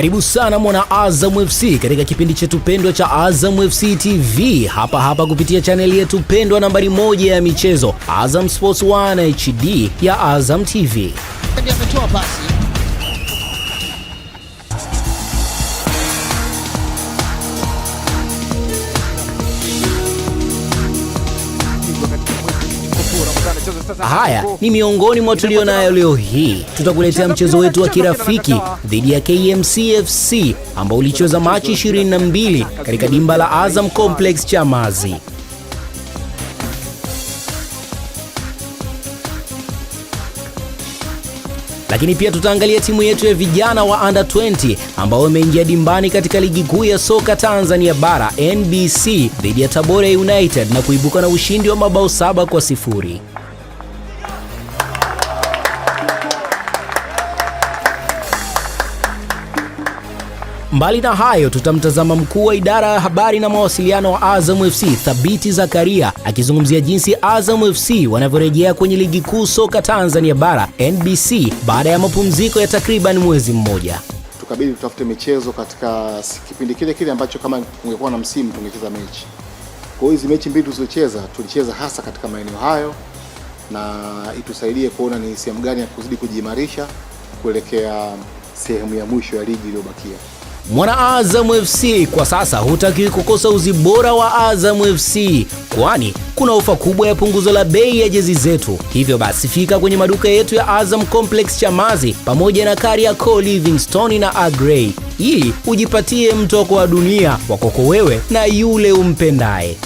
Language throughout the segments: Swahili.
Karibu sana mwana Azam FC katika kipindi chetu pendwa cha Azam FC TV hapa hapa kupitia chaneli yetu pendwa nambari moja ya michezo Azam Sports 1 HD ya Azam TV. Ndio ametoa pasi. Haya ni miongoni mwa tulio nayo leo hii. Tutakuletea mchezo wetu wa kirafiki dhidi ya KMC FC ambao ulicheza Machi 22 katika dimba la Azam Complex Chamazi. Lakini pia tutaangalia timu yetu ya vijana wa under 20 ambao wameingia dimbani katika ligi kuu ya soka Tanzania bara NBC dhidi ya Tabora United na kuibuka na ushindi wa mabao saba kwa sifuri. Mbali na hayo, tutamtazama mkuu wa idara ya habari na mawasiliano wa Azam FC Thabiti Zakaria akizungumzia jinsi Azam FC wanavyorejea kwenye ligi kuu soka Tanzania bara NBC baada ya mapumziko ya takriban mwezi mmoja. Tukabidi tutafute michezo katika kipindi kile kile ambacho kama kungekuwa na msimu tungecheza mechi. Kwa hiyo hizi mechi mbili tulizocheza tulicheza hasa katika maeneo hayo, na itusaidie kuona ni sehemu gani ya kuzidi kujiimarisha kuelekea sehemu ya mwisho ya ligi iliyobakia. Mwana Azam FC kwa sasa hutakiwi kukosa uzi bora wa Azamu FC, kwani kuna ofa kubwa ya punguzo la bei ya jezi zetu. Hivyo basi fika kwenye maduka yetu ya Azam Complex Chamazi pamoja na Kariakoo, Livingstone na Agrey ili ujipatie mtoko wa dunia wakoko wewe na yule umpendaye.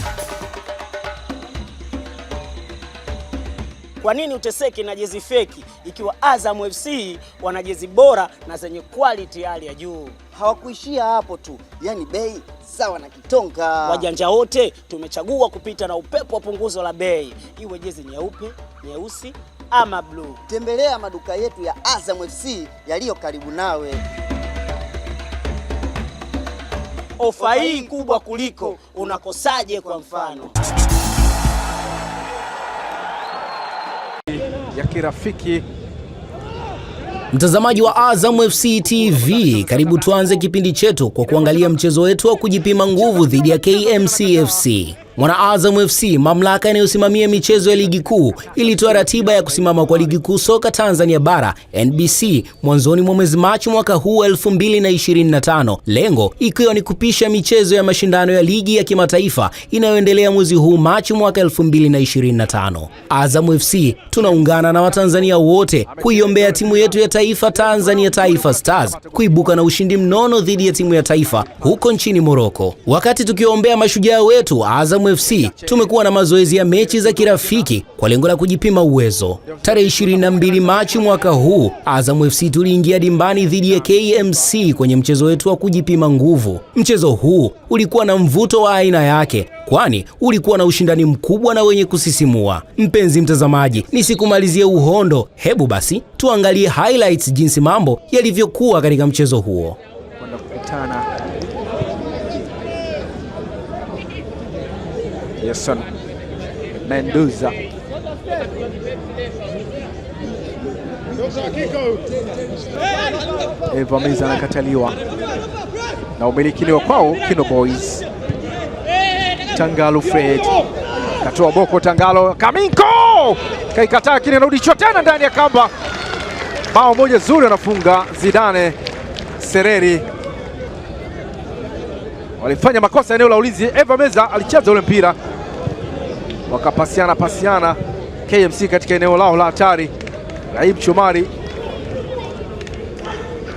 Kwa nini uteseke na jezi feki ikiwa Azam FC wana jezi bora na zenye quality hali ya juu? Hawakuishia hapo tu, yani bei sawa na kitonga. Wajanja wote tumechagua kupita na upepo wa punguzo la bei, iwe jezi nyeupe, nyeusi ama bluu. Tembelea maduka yetu ya Azam FC yaliyo karibu nawe. Ofa hii kubwa kuliko unakosaje? Kwa mfano ya kirafiki. Mtazamaji wa Azam FC TV, karibu tuanze kipindi chetu kwa kuangalia mchezo wetu wa kujipima nguvu dhidi ya KMC FC. Mwana Azam FC, mamlaka inayosimamia michezo ya ligi kuu, ilitoa ratiba ya kusimama kwa ligi kuu soka Tanzania bara NBC mwanzoni mwa mwezi Machi mwaka huu 2025, lengo ikiwa ni kupisha michezo ya mashindano ya ligi ya kimataifa inayoendelea mwezi huu Machi mwaka 2025. Azam FC tunaungana na Watanzania wote kuiombea timu yetu ya taifa Tanzania Taifa Stars kuibuka na ushindi mnono dhidi ya timu ya taifa huko nchini Morocco. Wakati tukiombea mashujaa wetu Azam Azam FC tumekuwa na mazoezi ya mechi za kirafiki kwa lengo la kujipima uwezo. Tarehe 22 Machi mwaka huu Azam FC tuliingia dimbani dhidi ya KMC kwenye mchezo wetu wa kujipima nguvu. Mchezo huu ulikuwa na mvuto wa aina yake, kwani ulikuwa na ushindani mkubwa na wenye kusisimua. Mpenzi mtazamaji, nisikumalizie uhondo, hebu basi tuangalie highlights jinsi mambo yalivyokuwa katika mchezo huo. Yeson Mendoza evamizi anakataliwa na umilikiliwa kwao Kino Boys. Tangalo Fred katoa boko, Tangalo Kaminko kaikataa, lakini narudishwa tena ndani ya kamba. Bao moja zuri anafunga Zidane Sereri. Walifanya makosa eneo la ulinzi, Eva Meza alicheza ule mpira wakapasiana pasiana KMC katika eneo lao la hatari. Naib Chomari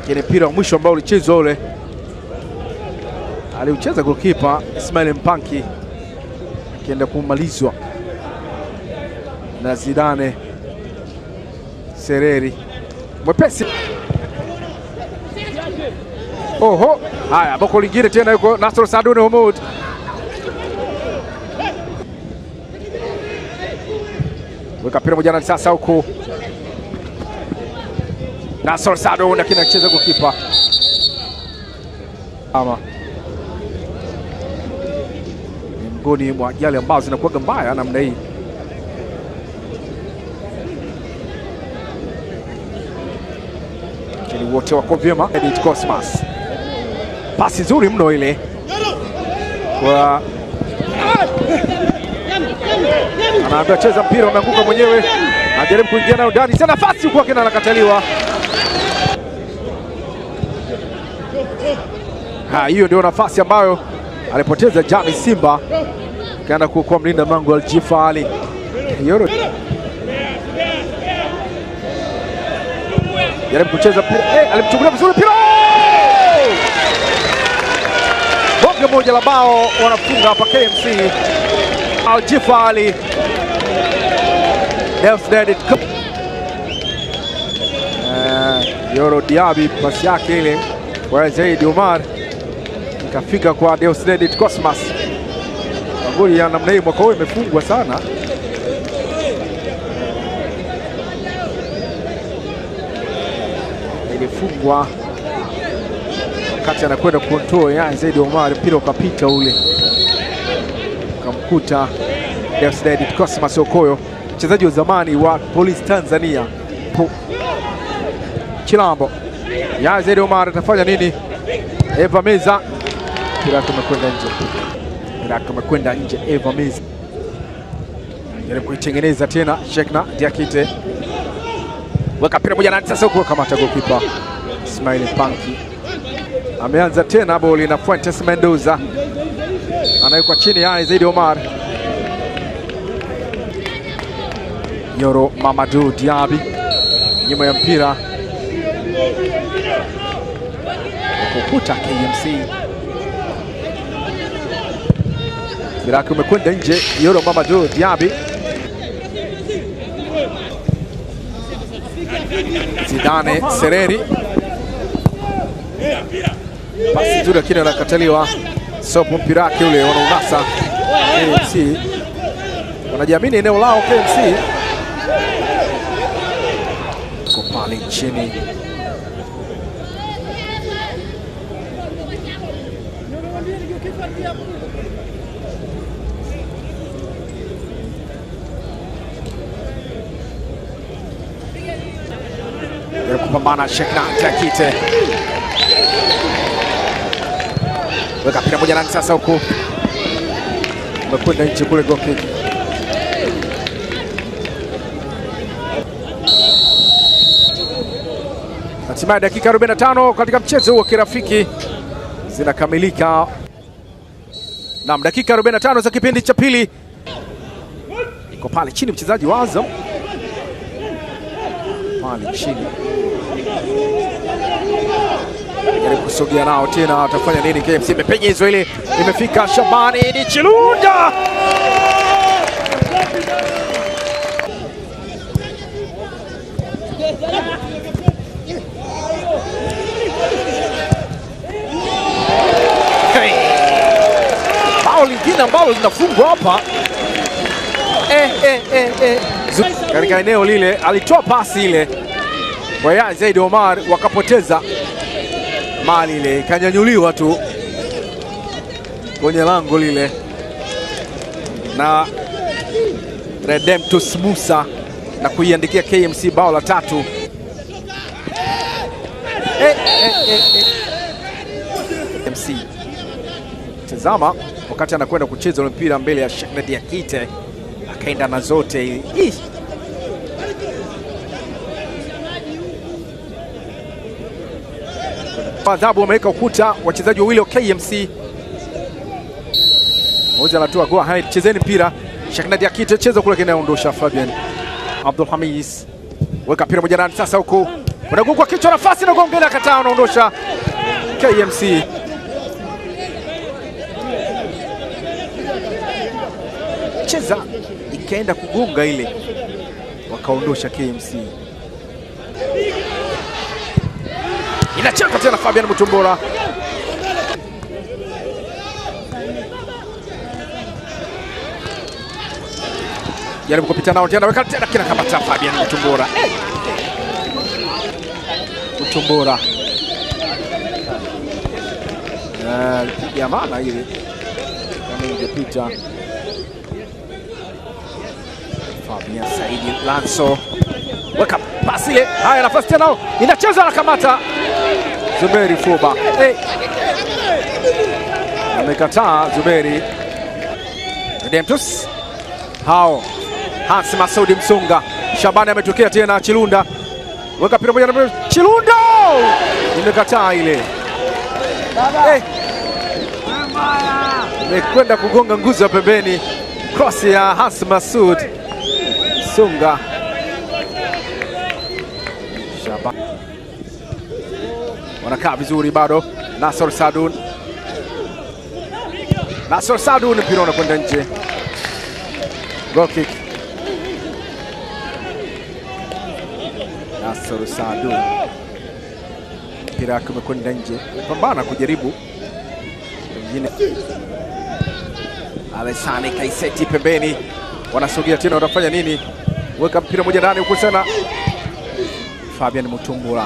kile mpira wa mwisho ambao ulichezwa ule aliucheza golikipa Ismail Mpanki akienda kumalizwa na Zidane Sereri mwepesi. Oho, haya boko lingine tena, yuko Nasr Saduni Humud weka mpira moja na sasa huku Nasor Sado lakini akicheza gokipa ama miongoni mwa ajali ambazo zinakuwaga mbaya namna hii. Lakini wote wako vyema. Cosmas, pasi nzuri mno ile kwa cheza mpira umeanguka mwenyewe, ajaribu kuingia nayo ndani, sasa nafasi huko akina anakataliwa. Ha, hiyo ndio nafasi ambayo alipoteza Jami Simba, kaenda kuokoa mlinda mlango Aljifa Yoro jaribu kucheza mpira hey, eh, alimchukulia vizuri mpira bonge moja la bao wanafunga hapa KMC. Aljifa Deusdedit uh, Yoro Diaby, pasi yake ile kwa Zaid Omar ikafika kwa Deusdedit Cosmas. Magoli ya namna hii mwaka huu imefungwa sana. Ilifungwa wakati anakwenda kukontrol ya Zaid Omar, mpira ukapita ule ukamkuta Deusdedit Cosmas Okoyo mchezaji wa zamani wa Police Tanzania Chilambo. Ya Zedi Omar atafanya nini? Eva Meza mpira umekwenda nje, mpira umekwenda nje. Eva Meza jaribu kuitengeneza tena, Shekna Diakite weka mpira moja na sasa huko kukamata goalkeeper Ismail Panki ameanza tena, boli na Fuentes Mendoza anawekwa chini. Ya Zedi Omar Nyoro Mamadu Diaby nyuma ya mpira kukuta KMC mpira wake umekwenda nje. Nyoro Mamadu Diaby Zidane Sereri pasi nzuri, lakini anakataliwa. Sopo mpira wake ule wanaunasa KMC, wanajiamini eneo lao KMC. Mancini. Bude jako kupambana všechna kratíte. Weka pira moja na Nsasa huku, umekwenda nje kule Hatimaye dakika 45 katika mchezo wa kirafiki zinakamilika. Naam, dakika 45 za kipindi cha pili. Iko pale chini mchezaji wa Azam pale chini, jaribu kusogea nao tena, atafanya nini? KMC imepenyezwa ile, imefika Shabani ni Chilunda lingine ambalo linafungwa hapa eh, eh, eh, eh. Katika eneo lile alitoa pasi ile kwa ya Zaid Omar, wakapoteza mali ile, ikanyanyuliwa tu kwenye lango lile na Redemptus Musa na kuiandikia KMC bao la tatu. Hey, eh, eh, hey, eh, hey, hey. MC. tazama wakati anakwenda kucheza ule mpira mbele ya Sheknet ya Kite, akaenda na zote adhabu wameweka ukuta wachezaji wawili wa KMC. Moja anatoa go ahead, chezeni mpira. ya Kite cheza kule, kinaondosha Fabian Abdul Hamis, weka mpira moja ndani sasa, huko unagongwa kichwa, nafasi na ile, akataa, anaondosha KMC. ikaenda kugonga ile, wakaondosha KMC. Inacheza tena Fabian Mutumbura jaribu kupita nao tena, weka tena kina kamata Fabian Mutumbura. Eh! Mutumbura uh, eh, ya maana ile kama ingepita Samia Saidi Lanso weka pasi ile, haya nafasi tena, na kamata Zuberi Fuba hey. Amekataa Zuberi Redemptus hao Hans Masudi Msunga Shabani ametokea tena Chilunda weka pira moja na Chilunda imekataa ile hey. kugonga nguzo ya pembeni, cross ya Hans Masud Songa Shaba. Wanakaa vizuri bado. Nasor Sadun, Nasor Sadun, mpira unakwenda nje, goal kick. Nasor Sadun, mpira wake umekwenda nje, pambana kujaribu wengine. Alessani Kaiseti pembeni, wanasogea tena, watafanya nini? weka mpira moja ndani huko sana Fabian Mutumbula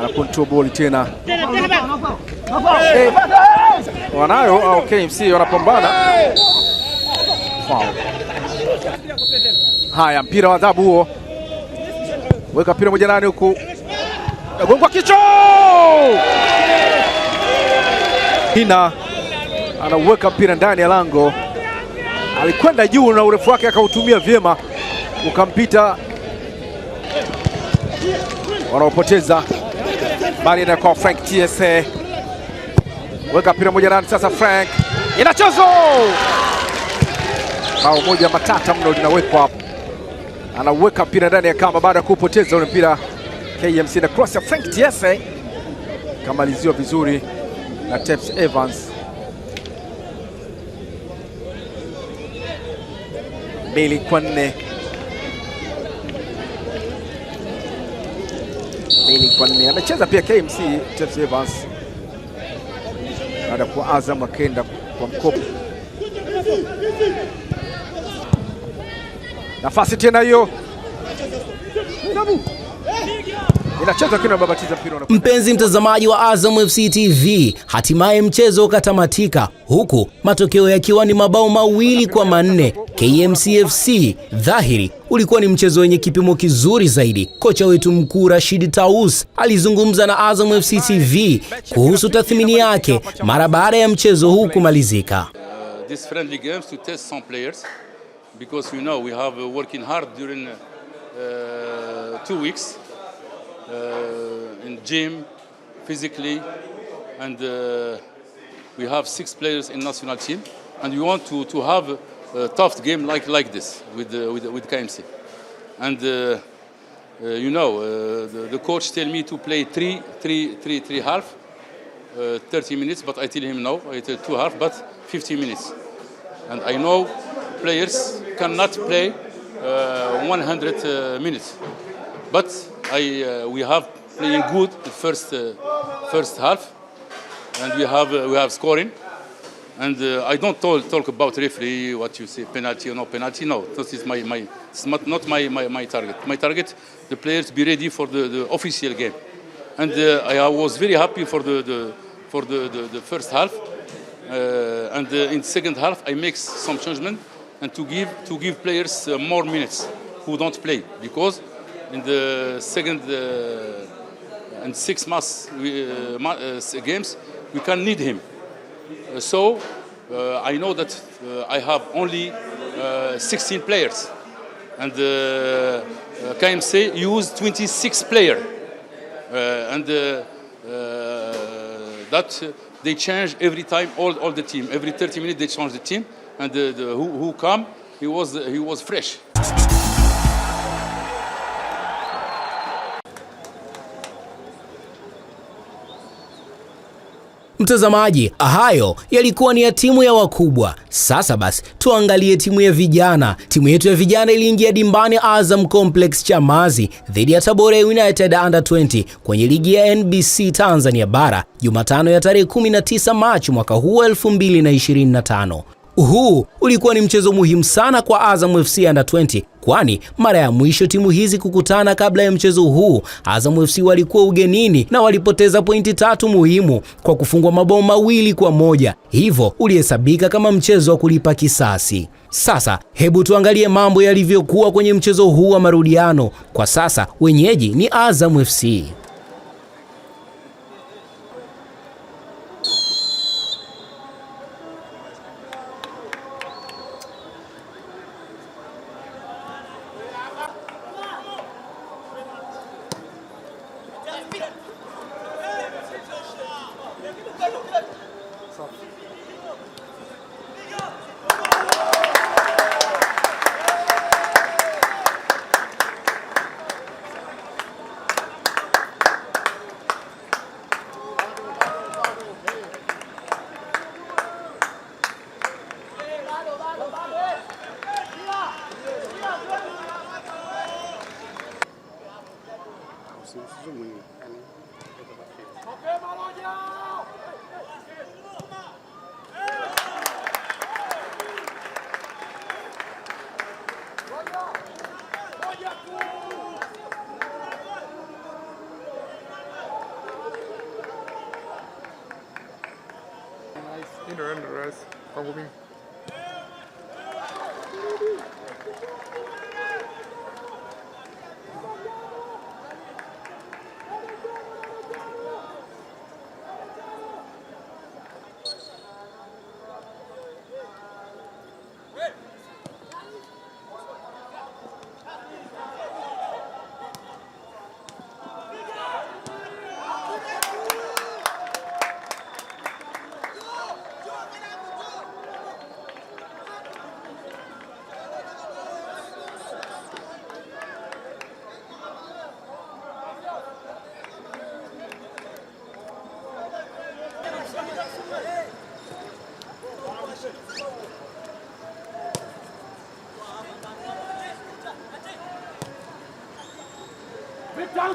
anakontrol ball tena, eh, Wanayo au ah, KMC wanapambana. Haya, mpira wa adhabu huo, weka mpira moja ndani huko, gongwa kicho ina anaweka mpira ndani ya lango, alikwenda juu na urefu wake akautumia vyema ukampita, wanaopoteza bali inakuwa Frank TSA. Weka mpira moja ndani sasa, Frank inachozo bao moja matata mno linawekwa hapo, anaweka mpira ndani ya kama baada ya kupoteza ule mpira KMC, na cross ya Frank TSA kamaliziwa vizuri na Teps Evans. mbili kwa nne. kwa nne. Amecheza pia KMC Chefs Evans baada kwa Azam akaenda kwa mkopo. Nafasi tena hiyo Mpenzi mtazamaji wa Azam FC TV, hatimaye mchezo ukatamatika huku matokeo yakiwa ni mabao mawili kwa manne KMC FC. Dhahiri ulikuwa ni mchezo wenye kipimo kizuri zaidi. Kocha wetu mkuu Rashid Taus alizungumza na Azam FC TV kuhusu tathmini yake mara baada ya mchezo huu kumalizika. Uh, Uh, in gym, physically, and uh, we have six players in national team, and we want to, to have a tough game like, like this with, uh, with, with KMC. And uh, you know, uh, the, the, coach tell me to play three, three, three, three half, uh, 30 minutes, but I tell him no, I tell two half, but 50 minutes. And I know players cannot play 100 minutes. But I, uh, we have playing good the first uh, first half, and we have uh, we have scoring. And I don't talk, talk about referee, what you say, penalty or no penalty. No, this is my, my it's not, not my, my, my target. My target, the players be ready for the, the official game. And I was very happy for the, the for the, the, the, first half. Uh, and uh, in second half, I make some changement and to give to give players uh, more minutes who don't play because in the second uh, and six months uh, uh, games, we can need him. so I know that I have only 16 players, and KMC used 26 players, and that they change every time all, all the team. Every 30 minutes they change the team, and the, who, who come, he was, he was fresh. Mtazamaji, hayo yalikuwa ni ya timu ya wakubwa. Sasa basi tuangalie timu ya vijana. Timu yetu ya vijana iliingia dimbani Azam Complex Chamazi dhidi ya Tabora United Under 20 kwenye ligi ya NBC Tanzania Bara Jumatano ya tarehe 19 Machi mwaka huu 2025. Huu ulikuwa ni mchezo muhimu sana kwa Azam FC Under 20 kwani mara ya mwisho timu hizi kukutana kabla ya mchezo huu, Azam FC walikuwa ugenini na walipoteza pointi tatu muhimu kwa kufungwa mabao mawili kwa moja, hivyo ulihesabika kama mchezo wa kulipa kisasi. Sasa hebu tuangalie mambo yalivyokuwa kwenye mchezo huu wa marudiano. Kwa sasa wenyeji ni Azam FC.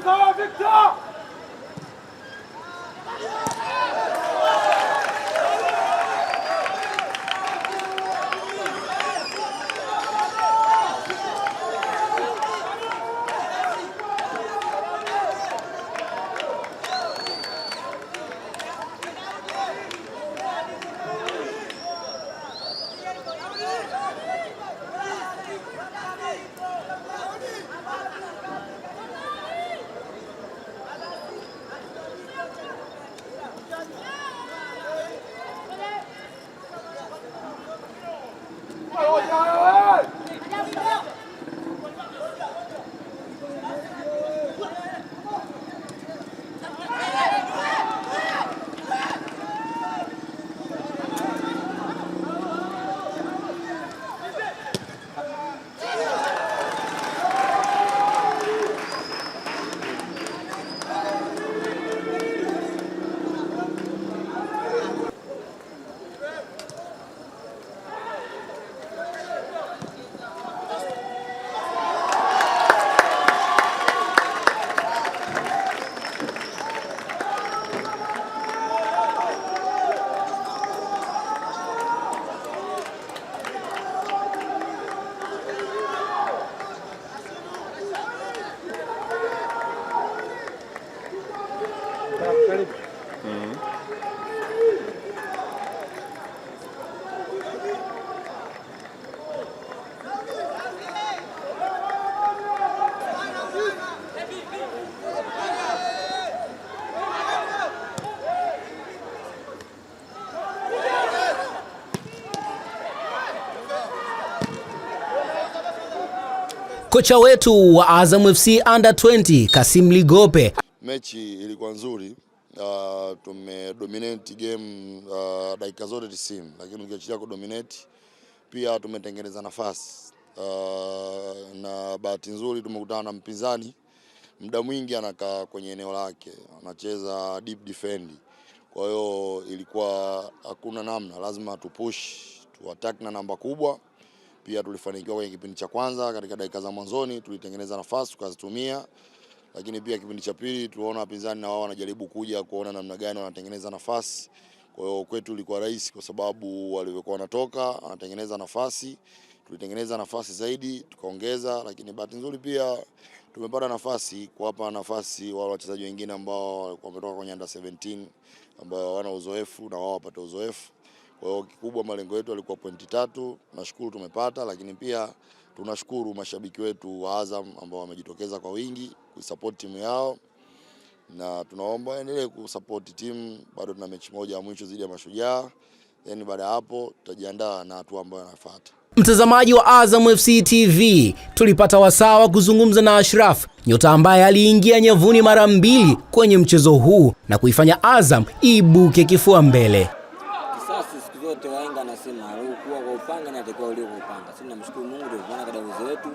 Victor! Victor! Kocha wetu wa Azam FC Under 20 Kasim Ligope, mechi ilikuwa nzuri. Uh, dominate game uh, dakika zote 90, lakini ku dominate pia tumetengeneza nafasi uh, na bahati nzuri tumekutana na mpinzani muda mwingi anakaa kwenye eneo lake, anacheza deep defend. Kwa hiyo ilikuwa hakuna namna, lazima tupush tuattack na namba kubwa. Pia tulifanikiwa kwenye kipindi cha kwanza, katika dakika za mwanzoni tulitengeneza nafasi tukazitumia, lakini pia kipindi cha pili tuliona wapinzani na wao wanajaribu kuja kuona namna gani wanatengeneza nafasi. Kwa hiyo kwetu ilikuwa rahisi kwa sababu walivyokuwa wanatoka wanatengeneza nafasi, tulitengeneza nafasi zaidi tukaongeza, lakini bahati nzuri pia tumepata nafasi kuwapa nafasi wale wachezaji wengine ambao wametoka kwenye under 17 ambao wana uzoefu na wao wapate uzoefu. Kwa hiyo kikubwa malengo yetu yalikuwa pointi tatu, nashukuru tumepata, lakini pia tunashukuru mashabiki wetu wa Azam ambao wamejitokeza kwa wingi kusupport timu yao, na tunaomba endelee kusupport timu. Bado tuna mechi moja ya mwisho dhidi ya Mashujaa, then yaani baada ya hapo tutajiandaa na hatua ambayo inafuata. Mtazamaji wa Azam FC TV, tulipata wasaa wa kuzungumza na Ashraf, nyota ambaye aliingia nyavuni mara mbili kwenye mchezo huu na kuifanya Azam ibuke kifua mbele wote waenga anasema aliokuwa kwa upanga na atakuwa ulio kwa upanga. Sisi tunamshukuru Mungu ndio maana katika uwezo wetu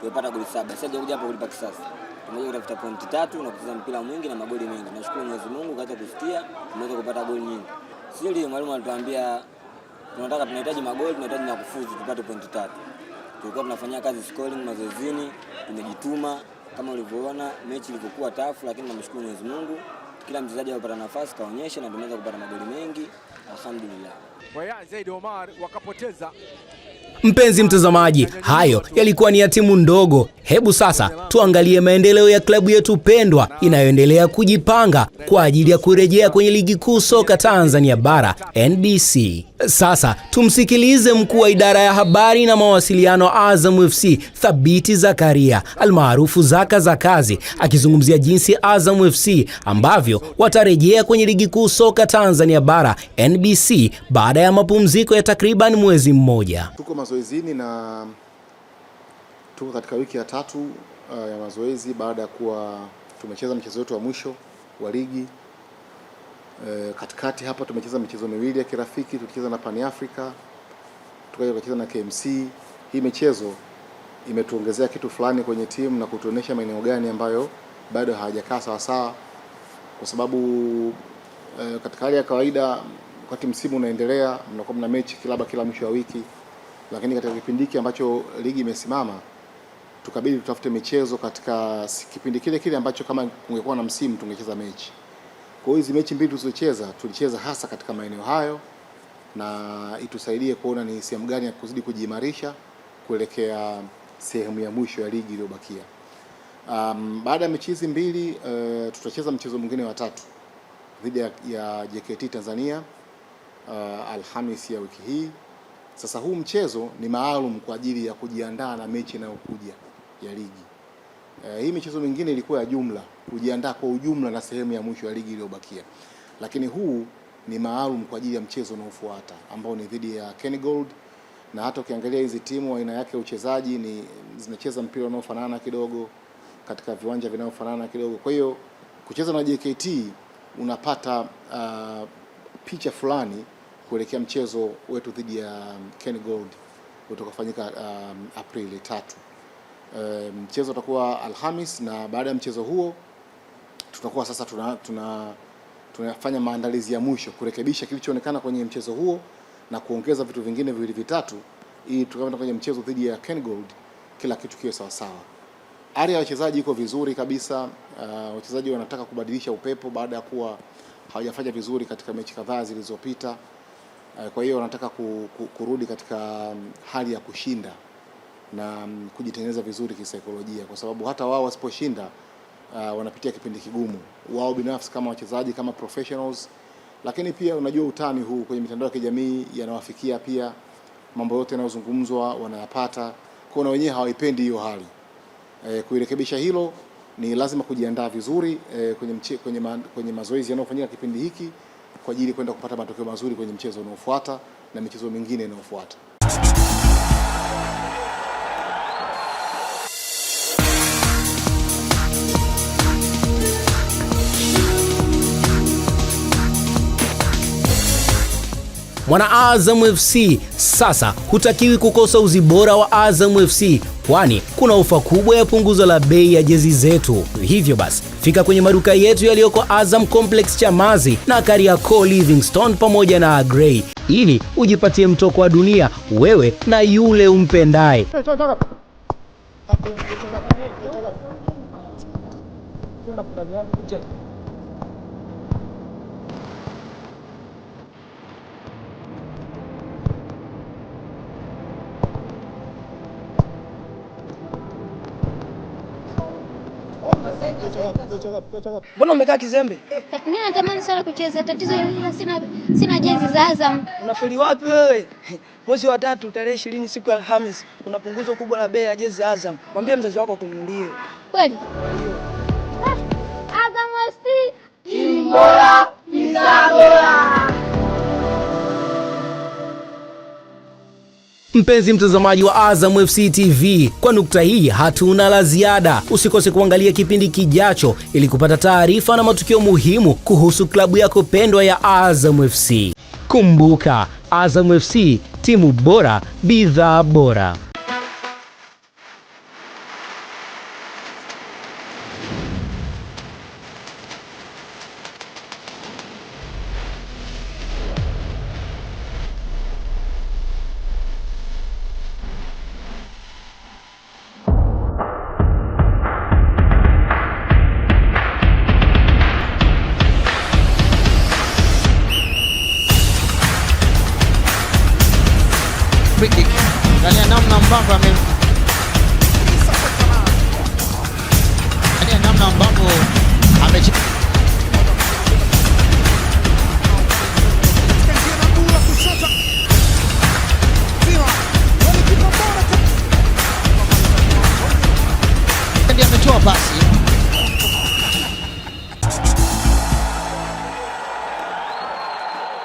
tumepata goli saba. Sasa ndio hapo kulipa kisasi. Tumekuja kutafuta pointi tatu na kucheza mpira mwingi na magoli mengi. Tunashukuru Mwenyezi Mungu kaza kusikia tumeweza kupata goli nyingi. Sisi ndio mwalimu alituambia tunataka tunahitaji magoli, tunahitaji na kufuzu tupate pointi tatu. Tulikuwa tunafanyia kazi scoring mazoezini, tumejituma kama ulivyoona mechi ilivyokuwa tafu, lakini namshukuru Mwenyezi Mungu kila mchezaji alipata nafasi kaonyesha na tumeweza kupata magoli mengi alhamdulillah. Mpenzi mtazamaji, hayo yalikuwa ni ya timu ndogo. Hebu sasa tuangalie maendeleo ya klabu yetu pendwa inayoendelea kujipanga kwa ajili ya kurejea kwenye ligi kuu soka Tanzania bara NBC. Sasa tumsikilize mkuu wa idara ya habari na mawasiliano Azam FC Thabiti Zakaria almaarufu Zaka za kazi akizungumzia jinsi Azam FC ambavyo watarejea kwenye ligi kuu soka Tanzania bara NBC baada ya mapumziko ya takriban mwezi mmoja. Tuko mazoezini na tuko katika wiki ya tatu uh, ya mazoezi baada ya kuwa tumecheza mchezo wetu wa mwisho wa ligi. Eh, katikati hapa tumecheza michezo miwili ya kirafiki, tulicheza na Pan Africa, tukaja kucheza na KMC. Hii michezo imetuongezea kitu fulani kwenye timu na kutuonesha maeneo gani ambayo bado hawajakaa sawa sawa, kwa sababu e, katika hali ya kawaida wakati msimu unaendelea mnakuwa mna mechi labda kila mwisho wa wiki, lakini katika kipindi hiki ambacho ligi imesimama tukabidi tutafute michezo katika kipindi kile kile ambacho kama ungekuwa na msimu tungecheza mechi. Kwa hiyo hizi mechi mbili tulizocheza tulicheza hasa katika maeneo hayo, na itusaidie kuona ni sehemu gani ya kuzidi kujiimarisha kuelekea sehemu ya mwisho ya ligi iliyobakia. Um, baada ya mechi hizi mbili uh, tutacheza mchezo mwingine wa tatu dhidi ya JKT Tanzania uh, Alhamisi ya wiki hii. Sasa huu mchezo ni maalum kwa ajili ya kujiandaa na mechi inayokuja ya ligi. E, hii michezo mingine ilikuwa ya jumla, kujiandaa kwa ujumla na sehemu ya mwisho ya ligi iliyobakia, lakini huu ni maalum kwa ajili ya mchezo unaofuata ambao ni dhidi ya Gold. na hata ukiangalia hizi timu aina yake uchezaji ni zinacheza mpira unaofanana kidogo katika viwanja vinavyofanana kidogo. Kwa hiyo kucheza na JKT unapata uh, picha fulani kuelekea mchezo wetu dhidi ya Gold utakofanyika um, Aprili tatu. E, mchezo utakuwa Alhamis na baada ya mchezo huo tutakuwa sasa tuna, tuna tunafanya maandalizi ya mwisho kurekebisha kilichoonekana kwenye mchezo huo na kuongeza vitu vingine viwili vitatu, ili tukaenda kwenye mchezo dhidi ya KenGold kila kitu kiwe sawa sawa. Ari ya wachezaji iko vizuri kabisa. Uh, wachezaji wanataka kubadilisha upepo baada ya kuwa hawajafanya vizuri katika mechi kadhaa zilizopita. Uh, kwa hiyo wanataka ku, ku, kurudi katika mm, hali ya kushinda na mm, kujitengeneza vizuri kisaikolojia, kwa sababu hata wao wasiposhinda uh, wanapitia kipindi kigumu wao binafsi kama wachezaji kama professionals, lakini pia unajua utani huu kwenye mitandao ya kijamii yanawafikia pia, mambo yote yanayozungumzwa wanayapata, kwa na wenyewe hawaipendi hiyo hali e, kuirekebisha hilo ni lazima kujiandaa vizuri e, kwenye, mche, kwenye, ma, kwenye mazoezi yanayofanyika kipindi hiki kwa ajili kwenda kupata matokeo mazuri kwenye mchezo unaofuata na michezo mingine inayofuata. Mwana Azam FC sasa hutakiwi kukosa uzi bora wa Azam FC kwani kuna ofa kubwa ya punguzo la bei ya jezi zetu. Hivyo basi fika kwenye maduka yetu yaliyoko Azam Complex Chamazi na Kariakoo Livingstone pamoja na Grey ili ujipatie mtoko wa dunia wewe na yule umpendaye. Mbona umekaa kizembe? Mimi natamani sana kucheza, tatizo ni sina sina jezi za Azam. Unafeli wapi wewe? Mwezi wa tatu tarehe ishirini siku ya Alhamisi kuna punguzo kubwa la bei ya jezi za Azam. Mwambie mzazi wako akununulie. Kweli? Ah, Azam FC timu bora, Mpenzi mtazamaji wa Azam FC TV, kwa nukta hii hatuna la ziada. Usikose kuangalia kipindi kijacho ili kupata taarifa na matukio muhimu kuhusu klabu yako pendwa ya Azam FC. Kumbuka, Azam FC, timu bora, bidhaa bora.